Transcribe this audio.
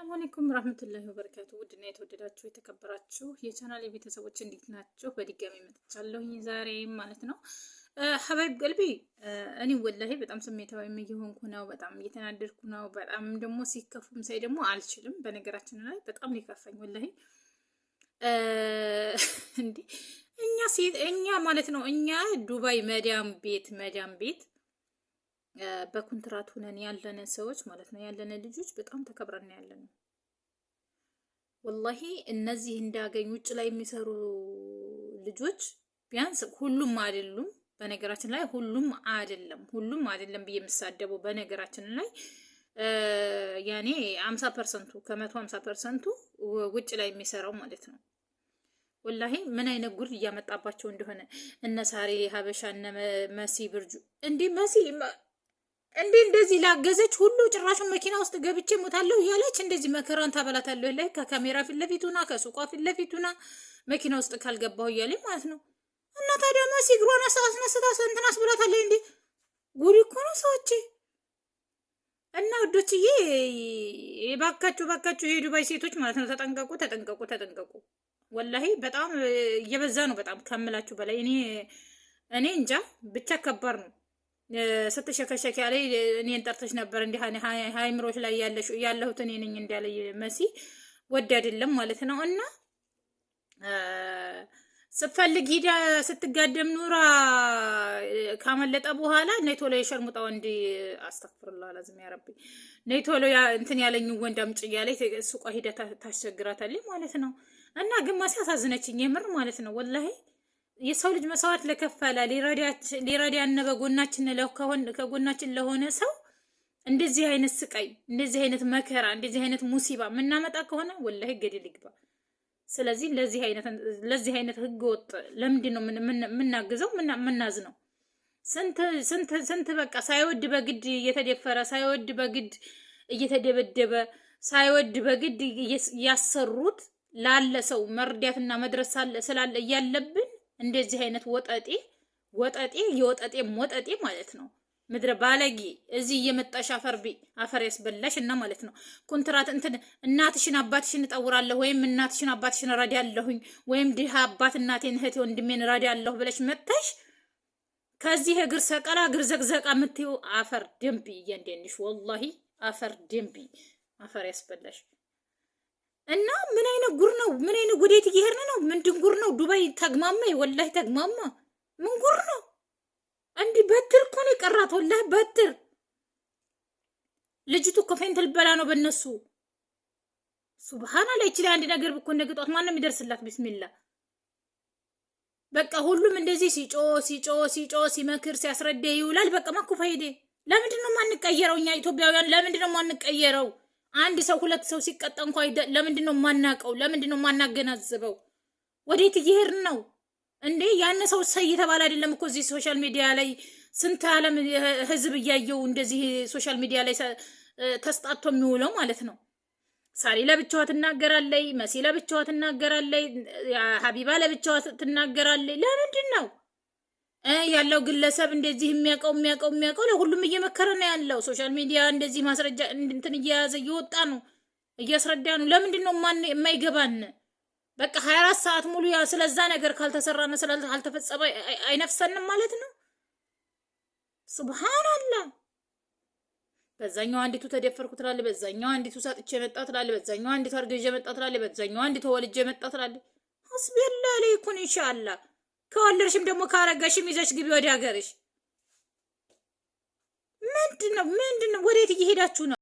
ሰላም አለይኩም ረህመቱላሂ ወበረካቱ። ውድና የተወደዳችሁ የተከበራችሁ የቻናል ቤተሰቦች እንዴት ናችሁ? በድጋሚ መጥቻለሁ ዛሬ ማለት ነው። ሀበብ ገልቢ እኔ ወላሂ በጣም ስሜታዊ እየሆንኩ ነው። በጣም እየተናደድኩ ነው። በጣም ደግሞ ሲከፉም ሳይ ደግሞ አልችልም። በነገራችን ላይ በጣም ሊከፈኝ ወላሂ እንዲህ እኛ እኛ ማለት ነው እኛ ዱባይ መዳም ቤት መዳም ቤት በኮንትራት ሁነን ያለነ ሰዎች ማለት ነው ያለነ ልጆች በጣም ተከብረን ያለን ወላሂ እነዚህ እንዳገኙ ውጭ ላይ የሚሰሩ ልጆች ቢያንስ ሁሉም አይደሉም። በነገራችን ላይ ሁሉም አይደለም ሁሉም አይደለም ብዬ የምሳደበው በነገራችን ላይ ያኔ አምሳ ፐርሰንቱ ከመቶ አምሳ ፐርሰንቱ ውጭ ላይ የሚሰራው ማለት ነው። ወላሂ ምን አይነት ጉድ እያመጣባቸው እንደሆነ እነ ሳሬ ሀበሻ እነ መሲ ብርጁ እንዲህ መሲ እንዴ እንደዚህ ላገዘች ሁሉ ጭራሹን መኪና ውስጥ ገብቼ ሞታለሁ እያለች እንደዚህ መከራን ታበላታለሁ ላይ ከካሜራ ፊት ለፊቱና ከሱቋ ፊት ለፊቱና መኪና ውስጥ ካልገባሁ እያለኝ ማለት ነው። እና ታዲያ መሲ እግሯን አስነስታ እንትን አስብላታለች። እንዴ ጉድ እኮ ነው ሰዎች። እና ወዶችዬ ባካችሁ፣ ባካችሁ የዱባይ ሴቶች ማለት ነው ተጠንቀቁ፣ ተጠንቀቁ፣ ተጠንቀቁ። ወላሂ በጣም እየበዛ ነው፣ በጣም ከምላችሁ በላይ እኔ እኔ እንጃ ብቻ ከባድ ነው። ስትሸከሸኪያ ያለ እኔን ጠርተሽ ነበር። እንዲህ ሀይምሮች ላይ ያለሁት እኔ ነኝ እንዳለ መሲ ወድ አይደለም ማለት ነው። እና ስትፈልግ ሂዳ ስትጋደም ኑራ ካመለጠ በኋላ ነይ ቶሎ የሸርሙጣ ወንድ አስተፍርላ ላዝም ያረብ ነይ ቶሎ እንትን ያለኝ ወንድ አምጪ እያለኝ ሱቋ ሂዳ ታስቸግራታለች ማለት ነው። እና ግን መሲ አሳዝነችኝ የምር ማለት ነው ወላሄ የሰው ልጅ መስዋዕት ለከፈለ ሊረዳን በጎናችን ከጎናችን ለሆነ ሰው እንደዚህ አይነት ስቃይ፣ እንደዚህ አይነት መከራ፣ እንደዚህ አይነት ሙሲባ የምናመጣ ከሆነ ወላሂ ገደል ይግባ። ስለዚህ ለዚህ አይነት ህገ ወጥ ለምንድን ነው የምናግዘው? ምናዝ ነው ስንት በቃ ሳይወድ በግድ እየተደፈረ ሳይወድ በግድ እየተደበደበ ሳይወድ በግድ ያሰሩት ላለ ሰው መርዳትና መድረስ ስላለ እያለብን እንደዚህ አይነት ወጠጤ ወጠጤ የወጠጤ ወጠጤ ማለት ነው። ምድረ ባለጌ እዚህ እየመጣሽ አፈር ቢ አፈር ያስበላሽ እና ማለት ነው። ኮንትራት እንትን እናትሽን አባትሽን እጠውራለሁ ወይም እናትሽን አባትሽን እረዳለሁኝ ወይም ድሃ አባት እናቴን እህት ወንድሜን እረዳለሁ ብለሽ መጥተሽ ከዚህ እግር ሰቀላ እግር ዘቅዘቃ የምትይው አፈር ደንቢ እያንዳንድሽ ወላሂ አፈር ደንቢ አፈር ያስበላሽ እና ምን አይነት ወዴት እየሄድን ነው? ምን ድንጉር ነው? ዱባይ ተግማማ፣ ወላሂ ተግማማ። ምን ጉር ነው? እንዲህ በትር እኮ ነው የቀራት፣ ወላሂ በትር። ልጅቱ እኮ ፌንት ልበላ ነው በእነሱ ሱብሃና ላይ ይችላል። አንድ ነገር ብኮ ነገ ጧት ማንም ይደርስላት። ቢስሚላ በቃ ሁሉም እንደዚህ ሲጮ ሲጮ ሲጮ ሲመክር ሲያስረዳ ይውላል። በቃ ማኩ ፋይዴ ለምንድን ነው ማንቀየረው? እኛ ኢትዮጵያውያን ለምንድን ነው ማንቀየረው? አንድ ሰው ሁለት ሰው ሲቀጣ እንኳ ለምንድን ነው የማናቀው? ለምንድን ነው የማናገናዝበው? ወዴት እየሄድን ነው እንዴ? ያን ሰው ሰይ የተባለ አይደለም እኮ እዚህ ሶሻል ሚዲያ ላይ ስንት ዓለም ህዝብ እያየው እንደዚህ ሶሻል ሚዲያ ላይ ተስጣቶ የሚውለው ማለት ነው። ሳሪ ለብቻዋ ትናገራለይ፣ መሲ ለብቻዋ ትናገራለይ፣ ሀቢባ ለብቻዋ ትናገራለይ። ለምንድን ነው ያለው ግለሰብ እንደዚህ የሚያውቀው የሚያውቀው የሚያውቀው ለሁሉም እየመከረ ነው ያለው። ሶሻል ሚዲያ እንደዚህ ማስረጃ እንትን እየያዘ እየወጣ ነው እያስረዳ ነው። ለምንድን ነው የማይገባን? በቃ ሀያ አራት ሰዓት ሙሉ ያ ስለዛ ነገር ካልተሰራና ስላልተፈጸመ አይነፍሰንም ማለት ነው። ሱብሃንአላህ። በዛኛው አንዲቱ ተደፈርኩ ትላለ፣ በዛኛው አንዲቱ ሰጥቼ የመጣ ትላለ፣ በዛኛው አንዲቱ አርገዥ መጣ ትላለ፣ በዛኛው አንዲቱ ወልጄ መጣ ትላለች። ሀስቢላ ለይኩን ኢንሻአላህ ከወለድሽም ደግሞ ካረገሽም ይዘሽ ግቢ ወደ ሀገርሽ። ምንድን ነው ምንድን ነው? ወዴት እየሄዳችሁ ነው?